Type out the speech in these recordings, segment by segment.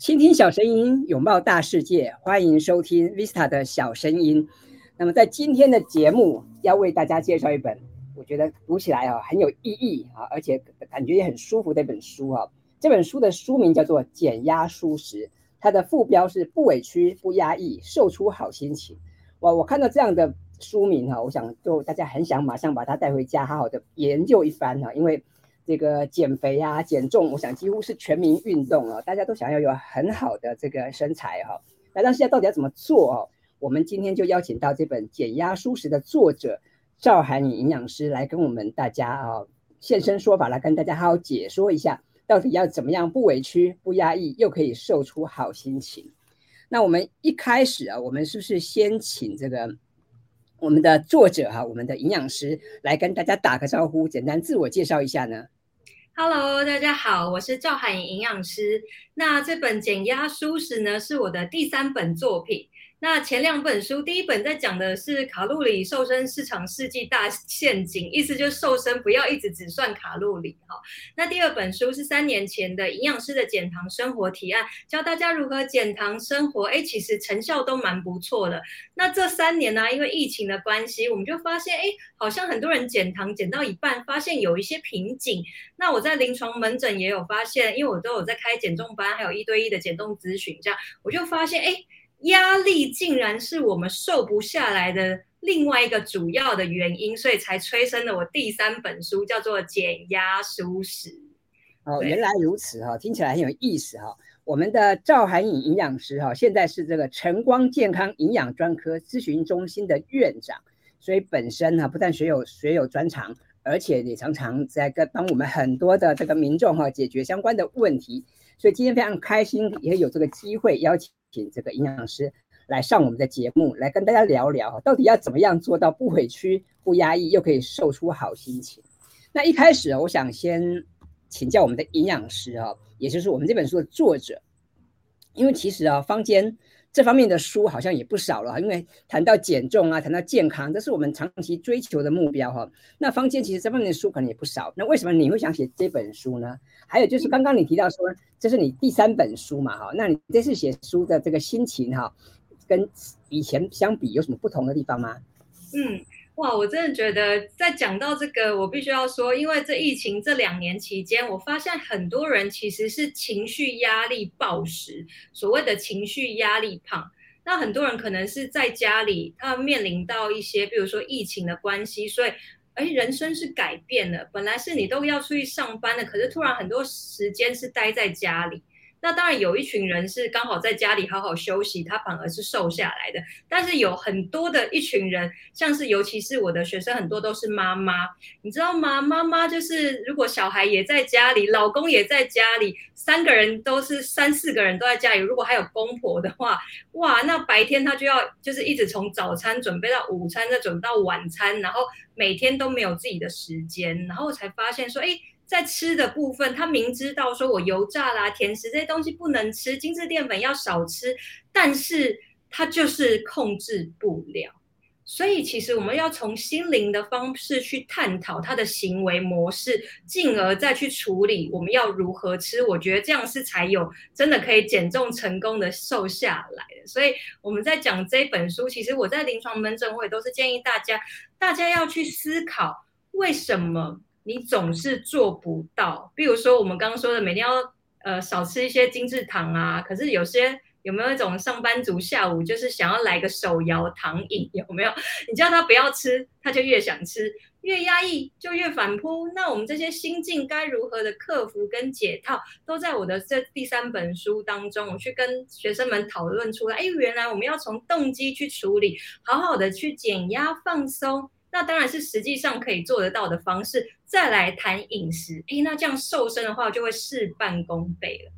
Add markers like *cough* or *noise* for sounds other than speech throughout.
傾聽小聲音，擁抱大世界，歡迎收聽 Vista 的小聲音。那麼，在今天的節目，要為大家介紹一本我覺得讀起來啊很有意義啊，而且感覺也很舒服的一本書啊。這本書的書名叫做《減壓紓食》，它的副標是“不委屈，不壓抑，瘦出好心情”。哇，我看到這樣的書名哈，我想就大家很想馬上把它帶回家，好好的研究一番，因為。這個減肥呀、啊、減重，我想幾乎是全民運動啊、哦、大家都想要有很好的這個身材哈、哦。那但是要到底要怎麼做哦？我們今天就邀請到這本減壓紓食的作者趙函穎營養師來跟我們大家啊、哦、現身說法，來跟大家好好解說一下到底要怎麼樣不委屈、不壓抑，又可以瘦出好心情。那我們一開始啊，我們是不是先請這個我們的作者哈、啊，我們的營養師來跟大家打個招呼，簡單自我介紹一下呢？Hello，大家好，我是趙函穎營養師。那這本減壓紓食呢，是我的第三本作品。那前兩本書，第一本在講的是卡路里瘦身市場世紀大陷阱，意思就是瘦身不要一直只算卡路里哈。那第二本書是三年前的營養師的減糖生活提案，教大家如何減糖生活。哎，其實成效都蠻不錯的。那這三年呢，因為疫情的關係，我們就發現，哎，好像很多人減糖減到一半，發現有一些瓶頸。那我在臨床門診也有發現，因為我都有在開減重班，還有一對一的減重諮詢，這樣我就發現，哎。壓力竟然是我們瘦不下來的另外一個主要的原因，所以才催生了我第三本書，叫做《減壓紓食》。哦，原來如此哈，聽起來很有意思哈。我們的趙函穎營,營養師哈，現在是這個晨光健康營養專科諮詢中心的院長，所以本身哈不但學有學有專長，而且也常常在跟幫我們很多的這個民眾哈解決相關的問題。所以今天非常開心，也有這個機會邀請。請這個營養師來上我們的節目，來跟大家聊聊，到底要怎麼樣做到不委屈、不壓抑，又可以瘦出好心情？那一開始，我想先請教我們的營養師啊，也就是我們這本書的作者，因為其實啊，坊間，這方面的書好像也不少了，因為談到減重啊，談到健康，這是我們長期追求的目標哈。那坊間其實這方面的書可能也不少。那為什麼你會想寫這本書呢？還有就是剛剛你提到說，這是你第三本書嘛哈？那你這次寫書的這個心情哈，跟以前相比有什麼不同的地方嗎？嗯。哇，我真的覺得在講到這個，我必須要說，因為這疫情這兩年期間，我發現很多人其實是情緒壓力暴食，所謂的情緒壓力胖。那很多人可能是在家裡，他面臨到一些，比如說疫情的關係，所以，而、哎，人生是改變了，本來是你都要出去上班的，可是突然很多時間是待在家裡。那當然有一群人是剛好在家裡好好休息，他反而是瘦下來的。但是有很多的一群人，像是尤其是我的學生，很多都是媽媽，你知道嗎？媽媽就是如果小孩也在家裡，老公也在家裡，三個人都是三四個人都在家裡，如果還有公婆的話，哇，那白天他就要就是一直從早餐準備到午餐，再準備到晚餐，然後每天都沒有自己的時間，然後才發現說，誒、欸。在吃的部分，他明知道說我油炸啦、甜食這些東西不能吃，精致澱粉要少吃，但是他就是控制不了。所以，其實我們要從心靈的方式去探討他的行為模式，進而再去處理我們要如何吃。我覺得這樣是才有真的可以減重成功的瘦下來的。所以，我們在講這本書，其實我在臨床門診我也都是建議大家，大家要去思考為什麼。你總是做不到，比如說我們剛剛說的，每天要呃少吃一些精緻糖啊。可是有些有沒有一種上班族下午就是想要來個手搖糖飲，有沒有？你叫他不要吃，他就越想吃，越壓抑就越反撲。那我們這些心境該如何的克服跟解套，都在我的這第三本書當中，我去跟學生們討論出來。哎，原來我們要從動機去處理，好好的去減壓放鬆。那當然是實際上可以做得到的方式，再來談飲食。哎，那這樣瘦身的話，就會事半功倍了。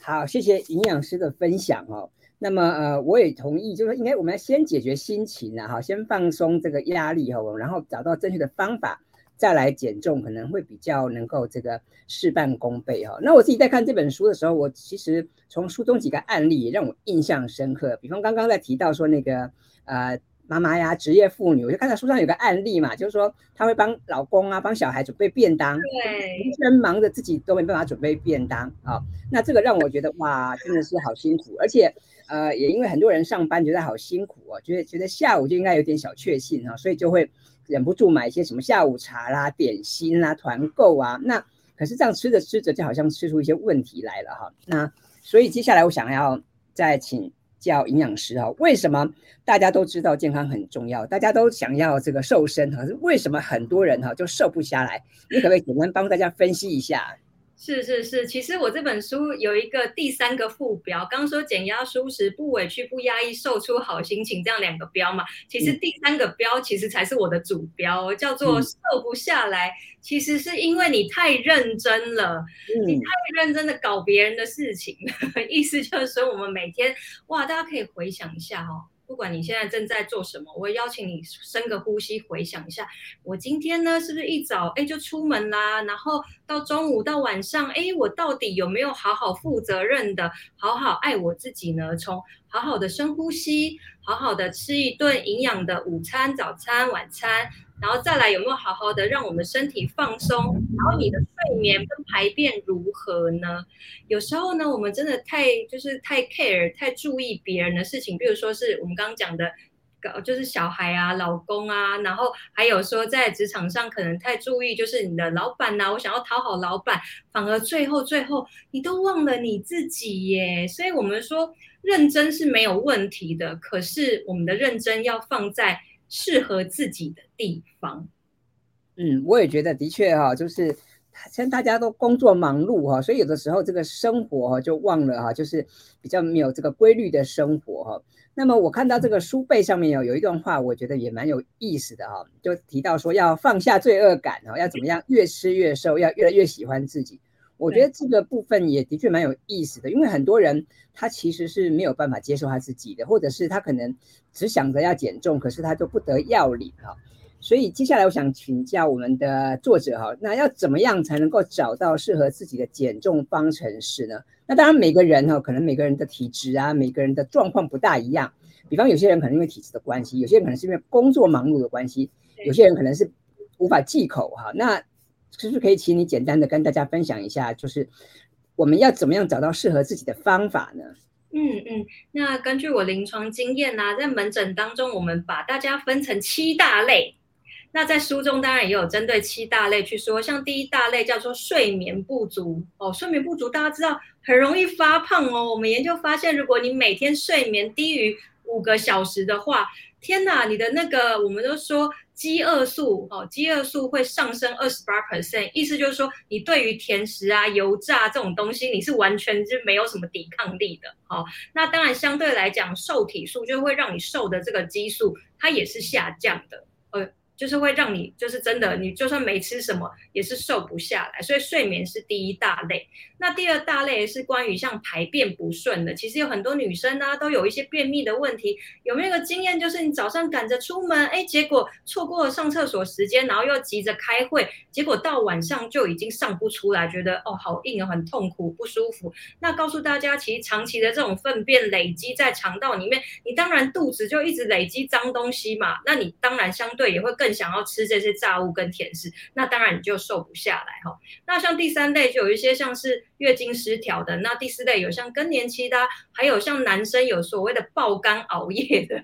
好，謝謝營養師的分享哦。那麼，呃，我也同意，就是應該我們要先解決心情啊，哈，先放鬆這個壓力哈、哦，然後找到正確的方法，再來減重，可能會比較能夠這個事半功倍哈、哦。那我自己在看這本書的時候，我其實從書中幾個案例也讓我印象深刻，比方剛剛在提到說那個呃。媽媽呀，職業婦女，我就看到書上有個案例嘛，就是說她會幫老公啊，幫小孩準備便當，完全對忙的自己都沒辦法準備便當啊、哦。那這個讓我覺得哇，真的是好辛苦。而且呃，也因為很多人上班覺得好辛苦，覺得覺得下午就應該有點小確幸啊、哦，所以就會忍不住買一些什麼下午茶啦、點心啦、團購啊。那可是這樣吃着吃着，就好像吃出一些問題來了哈、哦。那所以接下來我想要再請。叫營養師哈，為什麼大家都知道健康很重要，大家都想要這個瘦身哈？為什麼很多人哈就瘦不下來？你可不可以我們幫大家分析一下？是是是，其實我這本書有一個第三個副標，剛說減壓紓食、不委屈、不壓抑、瘦出好心情這樣兩個標嘛，其實第三個標其實才是我的主標，嗯、叫做瘦不下來，其實是因為你太認真了，嗯、你太認真地搞別人的事情，意思就是說我們每天哇，大家可以回想一下哦。不管你現在正在做什麼，我會邀請你深個呼吸，回想一下，我今天呢，是不是一早哎就出門啦？然後到中午到晚上，哎，我到底有沒有好好負責任的，好好愛我自己呢？從好好的深呼吸，好好的吃一頓營養的午餐、早餐、晚餐。然後再來，有沒有好好的讓我們身體放鬆？然後你的睡眠跟排便如何呢？有時候呢，我們真的太就是太 care 太注意別人的事情，比如說是我們剛剛講的，就是小孩啊、老公啊，然後還有說在職場上可能太注意，就是你的老板吶、啊，我想要討好老板，反而最後最後你都忘了你自己耶。所以我們說認真是沒有問題的，可是我們的認真要放在。適合自己的地方，嗯，我也覺得的確哈、啊，就是現在大家都工作忙碌哈、啊，所以有的時候這個生活、啊、就忘了哈、啊，就是比較沒有這個規律的生活哈、啊。那麼我看到這個書背上面有有一段話，我覺得也蠻有意思的哈、啊，就提到說要放下罪惡感哦、啊，要怎麼樣越吃越瘦，要越來越喜歡自己。我覺得這個部分也的確蠻有意思的，因為很多人他其實是沒有辦法接受他自己的，或者是他可能只想着要減重，可是他就不得要領哈。所以接下來我想請教我們的作者哈，那要怎麼樣才能夠找到適合自己的減重方程式呢？那當然每個人哈，可能每個人的體質啊，每個人的狀況不大一樣。比方有些人可能因為體質的關係，有些人可能是因為工作忙碌的關係，有些人可能是無法忌口哈。那是不是可以，請你簡單的跟大家分享一下，就是我們要怎麼樣找到適合自己的方法呢？嗯嗯，那根據我臨床經驗呢，啊，在門診當中，我們把大家分成七大類。那在書中當然也有針對七大類去說，像第一大類叫做睡眠不足哦，睡眠不足大家知道很容易發胖哦。我們研究發現，如果你每天睡眠低於五個小時的話，天哪，你的那個我們都說。飢餓素，哦，飢餓素會上升二十八 percent，意思就是說，你對於甜食啊、油炸這種東西，你是完全就沒有什麼抵抗力的，哈。那當然，相對來講，瘦體素就會讓你瘦的這個激素，它也是下降的。就是會讓你，就是真的，你就算沒吃什麼，也是瘦不下來。所以睡眠是第一大類，那第二大類是關於像排便不順的。其實有很多女生啊，都有一些便秘的問題。有沒有一個經驗，就是你早上趕着出門，哎，結果錯過了上廁所時間，然後又急着開會，結果到晚上就已經上不出來，覺得哦好硬啊、哦，很痛苦，不舒服。那告訴大家，其實長期的這種糞便累積在腸道裡面，你當然肚子就一直累積髒東西嘛，那你當然相對也會更。更想要吃這些炸物跟甜食，那當然你就瘦不下來哈。那像第三類就有一些像是月經失調的，那第四類有像更年期的，還有像男生有所謂的爆肝熬夜的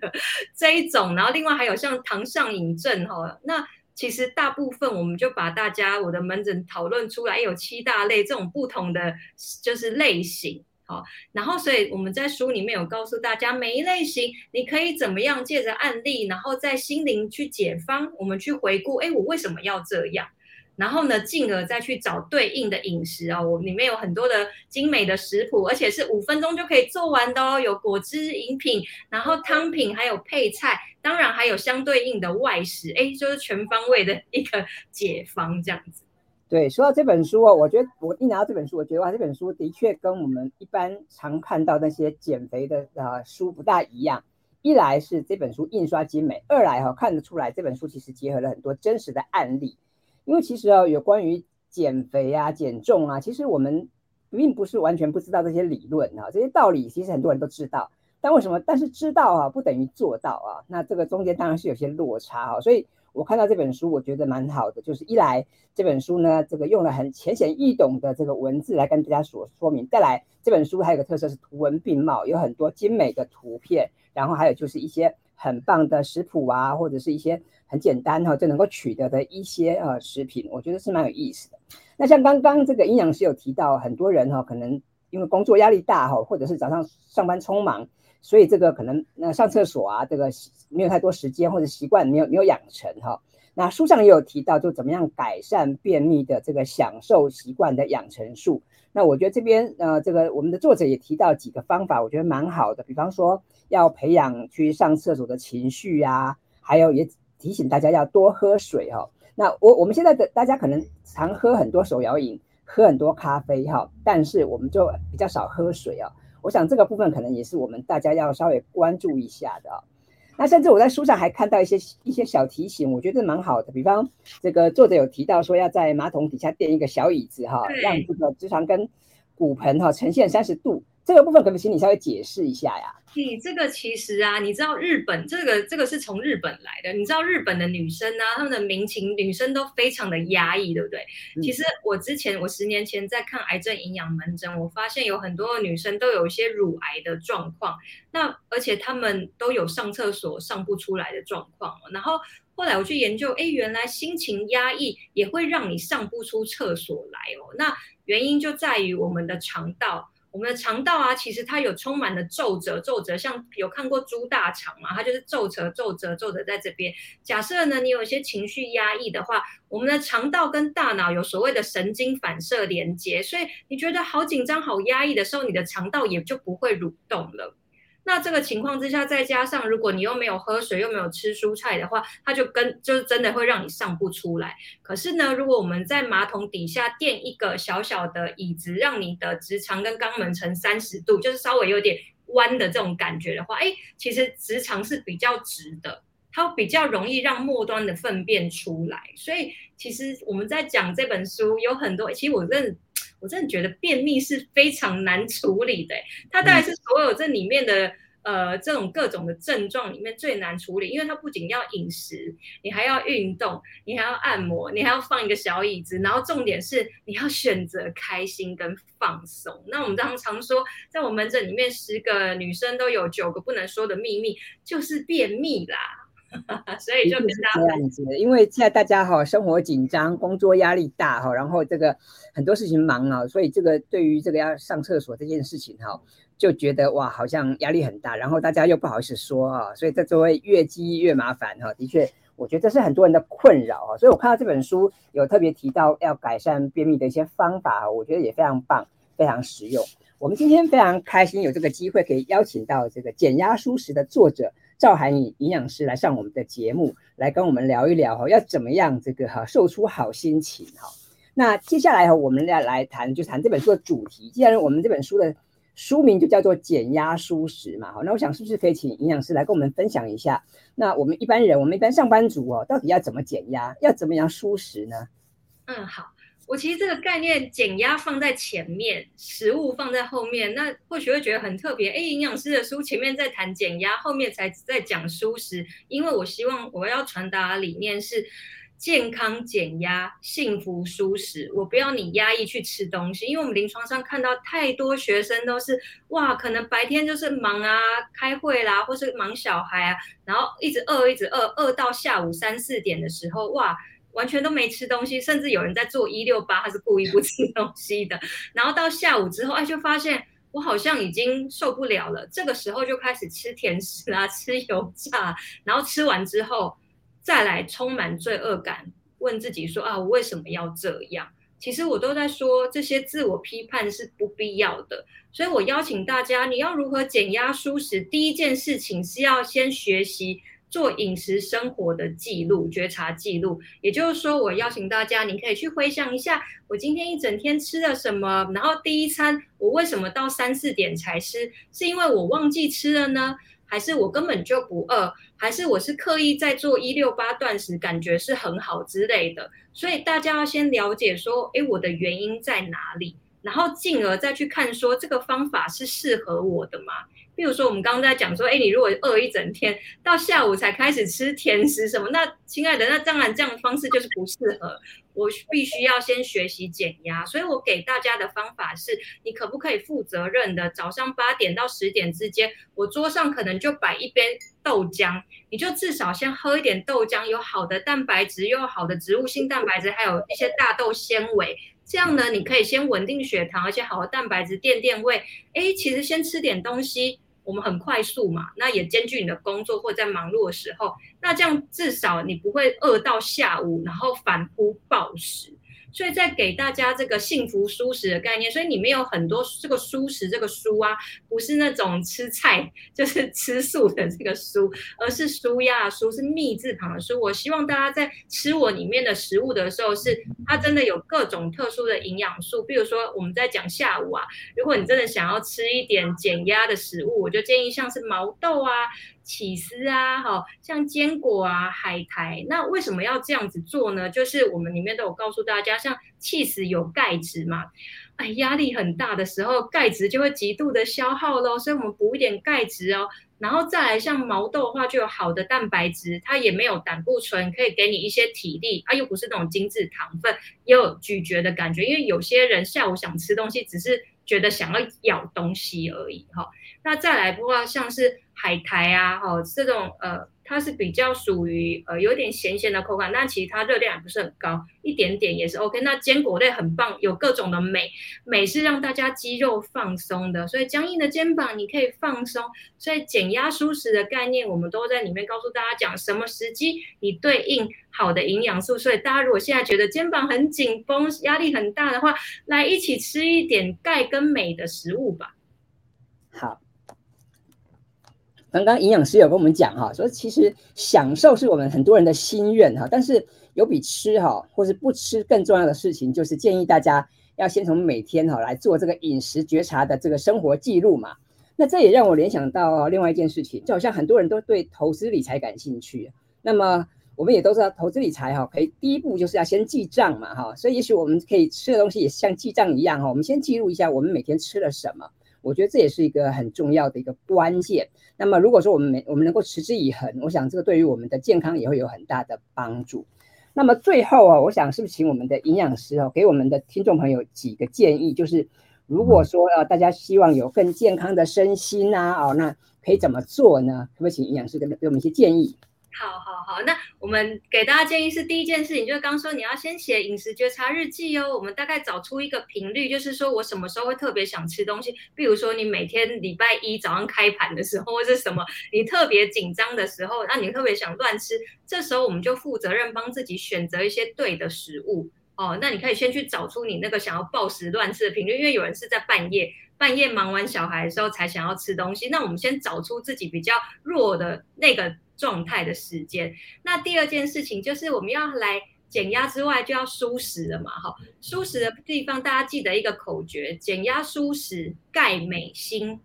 這一種，然後另外還有像糖上癮症哈。那其實大部分我們就把大家我的門診討論出來，有七大類這種不同的就是類型。哦，然後所以我們在書裡面有告訴大家，每一類型你可以怎麼樣借着案例，然後在心靈去解方，我們去回顧，哎，我為什麼要這樣？然後呢，進而再去找對應的飲食啊、哦，我裡面有很多的精美的食譜，而且是五分鐘就可以做完的，哦，有果汁飲品，然後湯品，還有配菜，當然還有相對應的外食，哎，就是全方位的一個解方這樣子。對，說到這本書哦，我覺得我一拿到這本書，我覺得哇，這本書的確跟我們一般常看到那些減肥的啊、呃、書不大一樣。一來是這本書印刷精美，二來哈、哦、看得出來這本書其實結合了很多真實的案例。因為其實啊、哦，有關於減肥啊、減重啊，其實我們並不是完全不知道這些理論啊，這些道理其實很多人都知道。但為什麼？但是知道啊，不等於做到啊。那這個中間當然是有些落差啊，所以。我看到這本書，我覺得蠻好的。就是一來這本書呢，這個用了很淺顯易懂的這個文字來跟大家所說明；再來，這本書還有個特色是圖文並茂，有很多精美的圖片，然後還有就是一些很棒的食譜啊，或者是一些很簡單哈、啊、就能夠取得的一些呃、啊、食品，我覺得是蠻有意思的。那像剛剛這個營養師有提到，很多人哈、啊、可能因為工作壓力大哈、啊，或者是早上上班匆忙。所以這個可能那上廁所啊，這個沒有太多時間或者習慣沒有沒有養成哈、哦。那書上也有提到，就怎麼樣改善便秘的這個享受習慣的養成術。那我覺得這邊呃這個我們的作者也提到幾個方法，我覺得蠻好的。比方說要培養去上廁所的情緒呀、啊，還有也提醒大家要多喝水哈、哦。那我我們現在的大家可能常喝很多手搖飲，喝很多咖啡哈、哦，但是我們就比較少喝水啊、哦。我想這個部分可能也是我們大家要稍微關注一下的哦，那甚至我在書上還看到一些一些小提醒，我覺得蠻好的。比方，這個作者有提到說，要在馬桶底下墊一個小椅子哈哦，讓這個直腸跟骨盆哈呈現三十度。這個部分可不可以請你稍微解釋一下呀？你這個其實啊，你知道日本這個這個是從日本來的。你知道日本的女生呢、啊，她們的民情，女生都非常的壓抑，對不對？嗯、其實我之前，我十年前在看癌症營養門診，我發現有很多女生都有一些乳癌的狀況，那而且她們都有上廁所上不出來的狀況。然後後來我去研究，誒，原來心情壓抑也會讓你上不出廁所來哦。那原因就在於我們的腸道。我們的腸道啊，其實它有充滿了皺褶，皺褶，像有看過豬大腸嘛，它就是皺褶、皺褶、皺褶在這邊。假設呢，你有一些情緒壓抑的話，我們的腸道跟大腦有所謂的神經反射連接，所以你覺得好緊張、好壓抑的時候，你的腸道也就不會蠕動了。那這個情況之下，再加上如果你又沒有喝水，又沒有吃蔬菜的話，它就跟就是真的會讓你上不出來。可是呢，如果我們在馬桶底下墊一個小小的椅子，讓你的直腸跟肛門呈三十度，就是稍微有點彎的這種感覺的話，哎，其實直腸是比較直的，它比較容易讓末端的糞便出來。所以其實我們在講這本書，有很多其實我認我真的覺得便秘是非常難處理的，它大概是所有這裡面的呃這種各種的症狀裡面最難處理，因為它不僅要飲食，你還要運動，你還要按摩，你還要放一個小椅子，然後重點是你要選擇開心跟放鬆。那我們常常說，在我門診裡面，十個女生都有九個不能說的秘密，就是便秘啦。 *laughs* 所以就變成這樣子，因為現在大家哈生活緊張，工作壓力大哈，然後這個很多事情忙啊，所以這個對於這個要上廁所這件事情哈，就覺得哇好像壓力很大，然後大家又不好意思說啊，所以這就會越積越麻煩哈。的確，我覺得這是很多人的困擾。所以我看到這本書有特別提到要改善便秘的一些方法，我覺得也非常棒，非常實用。我們今天非常開心有這個機會可以邀請到這個減壓紓食的作者趙函穎營養師來上我們的節目，來跟我們聊一聊哈，要怎麼樣這個哈瘦、啊、出好心情哈、啊。那接下來哈，我們要來談，就是、談這本書的主題。既然我們這本書的書名就叫做“減壓紓食嘛，哈、啊，那我想是不是可以請營養師來跟我們分享一下？那我們一般人，我們一般上班族哦、啊，到底要怎麼減壓，要怎麼樣紓食呢？嗯，好。我其實這個概念減壓放在前面，食物放在後面，那或許會覺得很特別。哎，營養師的書前面在談減壓，後面才在講紓食，因為我希望我要傳達的理念是健康減壓、幸福紓食。我不要你壓抑去吃東西，因為我們臨床上看到太多學生都是哇，可能白天就是忙啊、開會啦，或是忙小孩啊，然後一直餓，一直餓，餓到下午三四點的時候，哇。完全都沒吃東西，甚至有人在做一六八，他是故意不吃東西的。然後到下午之後，哎，就發現我好像已經受不了了。這個時候就開始吃甜食啊，吃油炸啊，然後吃完之後再來充滿罪惡感，問自己說啊，我為什麼要這樣？其實我都在說，這些自我批判是不必要的。所以我邀請大家，你要如何減壓紓食？第一件事情是要先學習。做飲食生活的記錄、覺察記錄，也就是說，我邀請大家，你可以去回想一下，我今天一整天吃了什麼，然後第一餐我為什麼到三四點才吃？是因為我忘記吃了呢，還是我根本就不餓，還是我是刻意在做一六八斷食，感覺是很好之類的？所以大家要先了解說，誒，我的原因在哪裡，然後進而再去看說，這個方法是適合我的嗎？例如說，我們剛剛在講說，哎，你如果餓一整天，到下午才開始吃甜食什麼？那親愛的，那當然這樣的方式就是不適合。我必須要先學習減壓，所以我給大家的方法是，你可不可以負責任的早上八點到十點之間，我桌上可能就擺一杯豆漿，你就至少先喝一點豆漿，有好的蛋白質，又有好的植物性蛋白質，還有一些大豆纖維。這樣呢，你可以先穩定血糖，而且好的蛋白質墊墊胃。哎，其實先吃點東西。我們很快速嘛，那也兼具你的工作或者在忙碌的時候，那這樣至少你不會餓到下午，然後反撲暴食。所以，在給大家這個幸福紓食的概念，所以裡面有很多這個紓食這個紓啊，不是那種吃菜就是吃素的這個蔬，而是紓壓，紓是糸字旁的紓。我希望大家在吃我裡面的食物的時候，是它真的有各種特殊的營養素。比如說，我們在講下午啊，如果你真的想要吃一點減壓的食物，我就建議像是毛豆啊。起司啊，好像堅果啊，海苔，那為什麼要這樣子做呢？就是我們裡面都有告訴大家，像起司有鈣質嘛，哎，壓力很大的時候，鈣質就會極度的消耗咯。所以我們補一點鈣質哦，然後再來像毛豆的話，就有好的蛋白質，它也沒有膽固醇，可以給你一些體力，啊，又不是那種精緻糖分，也有咀嚼的感覺，因為有些人下午想吃東西，只是，覺得想要咬東西而已哈，那再來的話，啊，像是海苔啊哈這種呃。它是比較屬於呃有點鹹鹹的口感，那其實它熱量也不是很高，一點點也是 OK。那堅果類很棒，有各種的鎂，鎂是讓大家肌肉放鬆的，所以僵硬的肩膀你可以放鬆。所以減壓紓食的概念，我們都在裡面告訴大家講什麼時機你對應好的營養素。所以大家如果現在覺得肩膀很緊繃、壓力很大的話，來一起吃一點鈣跟鎂的食物吧。好。剛剛營養師有跟我們講哈，說其實享受是我們很多人的心願哈，但是有比吃哈或是不吃更重要的事情，就是建議大家要先從每天哈來做這個飲食覺察的這個生活記錄嘛。那這也讓我聯想到另外一件事情，就好像很多人都對投資理財感興趣，那麼我們也都知道投資理財哈，可以第一步就是要先記賬嘛哈，所以也許我們可以吃的東西也像記賬一樣哈，我們先記錄一下我們每天吃了什麼。我覺得這也是一個很重要的一個關鍵。那麼，如果說我們沒我們能夠持之以恆，我想這個對於我們的健康也會有很大的幫助。那麼最後啊，我想是不是請我們的營養師哦，啊，給我們的聽眾朋友幾個建議，就是如果說啊，大家希望有更健康的身心啊，哦，那可以怎麼做呢？可不可以請營養師給我們一些建議？好好好，那我們給大家建議是第一件事情，就是剛剛說，你要先寫飲食覺察日記哦。我們大概找出一個頻率，就是說我什麼時候會特別想吃東西，比如說你每天禮拜一早上開盤的時候，或者什麼你特別緊張的時候，那你特別想亂吃，這時候我們就負責任幫自己選擇一些對的食物哦。那你可以先去找出你那個想要暴食亂吃的頻率，因為有人是在半夜半夜忙完小孩的時候才想要吃東西。那我們先找出自己比較弱的那個。狀態的時間，那第二件事情就是我們要來減壓之外，就要紓食了嘛，哈，紓食的地方大家記得一個口訣：減壓紓食鈣鎂鋅。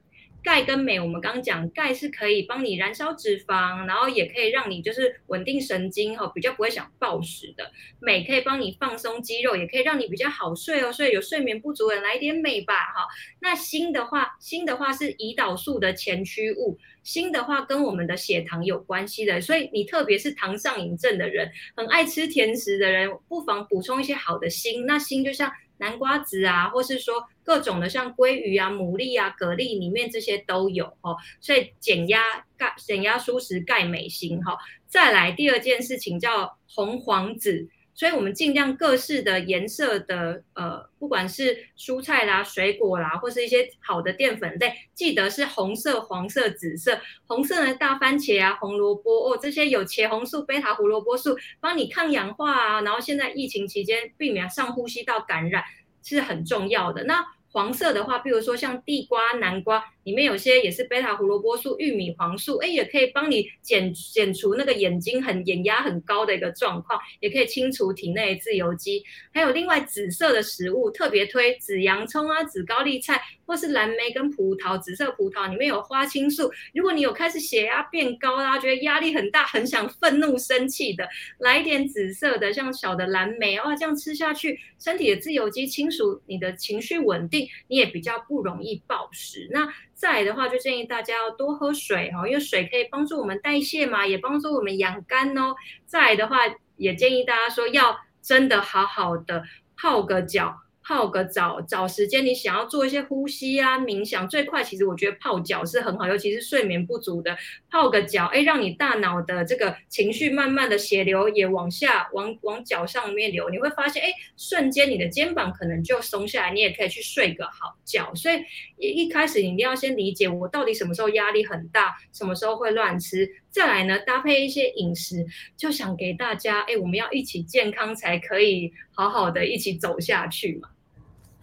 鈣跟鎂，我們剛剛講，鈣是可以幫你燃燒脂肪，然後也可以讓你就是穩定神經，哈，比較不會想暴食的。鎂可以幫你放鬆肌肉，也可以讓你比較好睡哦，所以有睡眠不足的來一點鎂吧，哈。那鋅的話，鋅的話是胰島素的前驅物。鋅的話跟我們的血糖有關係的，所以你特別是糖上癮症的人，很愛吃甜食的人，不妨補充一些好的鋅。那鋅就像南瓜子啊，或是說各種的像鮭魚啊、牡蠣啊、蛤蜊裡面這些都有哦。所以減壓鈣，減壓紓食鈣鎂鋅哈。再來第二件事情叫紅黃紫。所以，我們盡量各式的顏色的，呃，不管是蔬菜啦、水果啦，或是一些好的澱粉類，記得是紅色、黃色、紫色。紅色呢，大番茄啊、紅蘿蔔哦，這些有茄紅素、貝塔胡蘿蔔素，幫你抗氧化啊。然後，現在疫情期間，避免上呼吸道感染是很重要的。那黃色的話，比如說像地瓜、南瓜，裡面有些也是貝塔胡蘿蔔素、玉米黃素，哎、欸，也可以幫你減減除那個眼睛很眼壓很高的一個狀況，也可以清除體內自由基。還有另外紫色的食物，特別推紫洋蔥啊、紫高麗菜，或是藍莓跟葡萄，紫色葡萄裡面有花青素。如果你有開始血壓變高啦、啊，覺得壓力很大，很想憤怒、生氣的，來一點紫色的，像小的藍莓啊，這樣吃下去，身體的自由基清除，你的情緒穩定。你也比較不容易暴食。那再來的話，就建議大家要多喝水哦，因為水可以幫助我們代謝嘛，也幫助我們養肝哦。再來的話，也建議大家說要真的好好的泡個腳。泡個澡，找時間你想要做一些呼吸啊，、冥想，最快其實我覺得泡腳是很好，尤其是睡眠不足的，泡個腳，哎，讓你大腦的這個情緒慢慢的血流也往下，往往腳上面流，你會發現，哎，瞬間你的肩膀可能就鬆下來，你也可以去睡個好覺。所以一，一開始你一定要先理解我到底什麼時候壓力很大，什麼時候會亂吃，再來呢，搭配一些飲食，就想給大家，哎，我們要一起健康才可以好好的一起走下去嘛。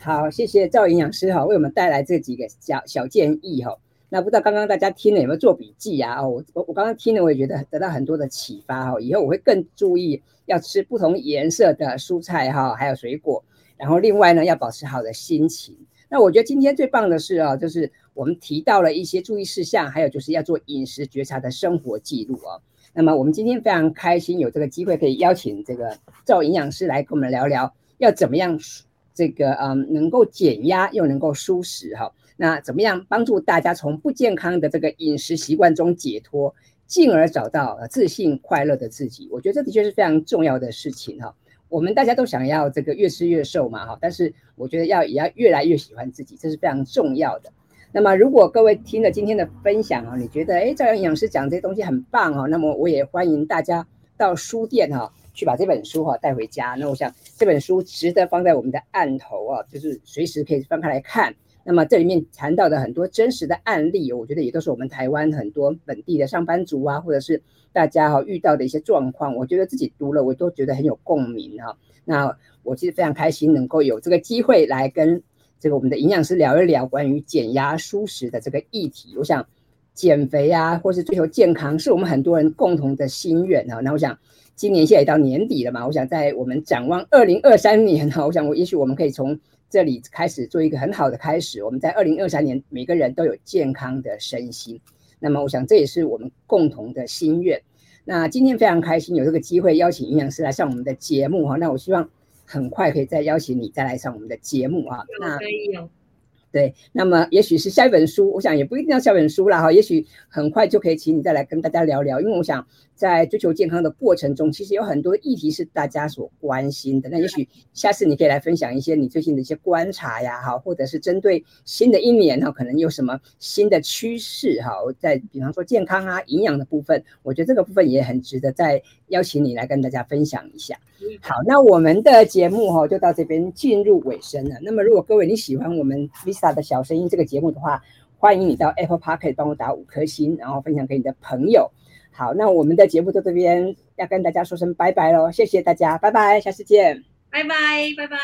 好，謝謝趙營養師哈、哦，為我們帶來這幾個小小建議哈、哦。那不知道剛剛大家聽了有沒有做筆記啊？哦，我我我剛剛聽了，我也覺得得到很多的啟發哈、哦。以後我會更注意要吃不同顏色的蔬菜哈、哦，還有水果。然後另外呢，要保持好的心情。那我覺得今天最棒的是啊、哦，就是我們提到了一些注意事項，還有就是要做飲食覺察的生活記錄啊、哦。那麼我們今天非常開心有這個機會可以邀請這個趙營養師來跟我們聊聊要怎麼樣。這個嗯，能夠減壓又能夠紓食哈，那怎麼樣幫助大家從不健康的這個飲食習慣中解脫，進而找到自信快樂的自己？我覺得這的確是非常重要的事情哈。我們大家都想要這個越吃越瘦嘛哈，但是我覺得要也要越來越喜歡自己，這是非常重要的。那麼如果各位聽了今天的分享哦，你覺得哎，趙函穎營養師講這些東西很棒哈，那麼我也歡迎大家到書店哈。去把這本書哈帶回家，那我想這本書值得放在我們的案頭啊，就是隨時可以翻開來看。那麼這裡面談到的很多真實的案例，我覺得也都是我們台灣很多本地的上班族啊，或者是大家哈、啊、遇到的一些狀況，我覺得自己讀了我都覺得很有共鳴哈、啊。那我其實非常開心能夠有這個機會來跟這個我們的營養師聊一聊關於減壓紓食的這個議題。我想減肥啊，或是追求健康，是我們很多人共同的心願啊。那我想。今年現在也到年底了嘛，我想在我們展望二零二三年哈，我想我也許我們可以從這裡開始做一個很好的開始，我們在二零二三年每個人都有健康的身心，那麼我想這也是我們共同的心願。那今天非常開心有這個機會邀請營養師來上我們的節目哈，那我希望很快可以再邀請你再來上我們的節目啊，那可以哦。對，那麼也許是下一本書，我想也不一定要下一本書了哈，也許很快就可以請你再來跟大家聊聊，因為我想在追求健康的過程中，其實有很多議題是大家所關心的。那也許下次你可以來分享一些你最近的一些觀察呀，哈，或者是針對新的一年哈，可能有什麼新的趨勢哈，在比方說健康啊、營養的部分，我覺得這個部分也很值得再邀請你來跟大家分享一下。好，那我們的節目哈、哦、就到這邊進入尾聲了。那麼，如果各位你喜歡我們 Vista 的小聲音這個節目的話，歡迎你到 Apple Podcast 幫我打五顆星，然後分享給你的朋友。好，那我們的節目到這邊要跟大家說聲拜拜嘍，謝謝大家，拜拜，下次見，拜拜，拜拜。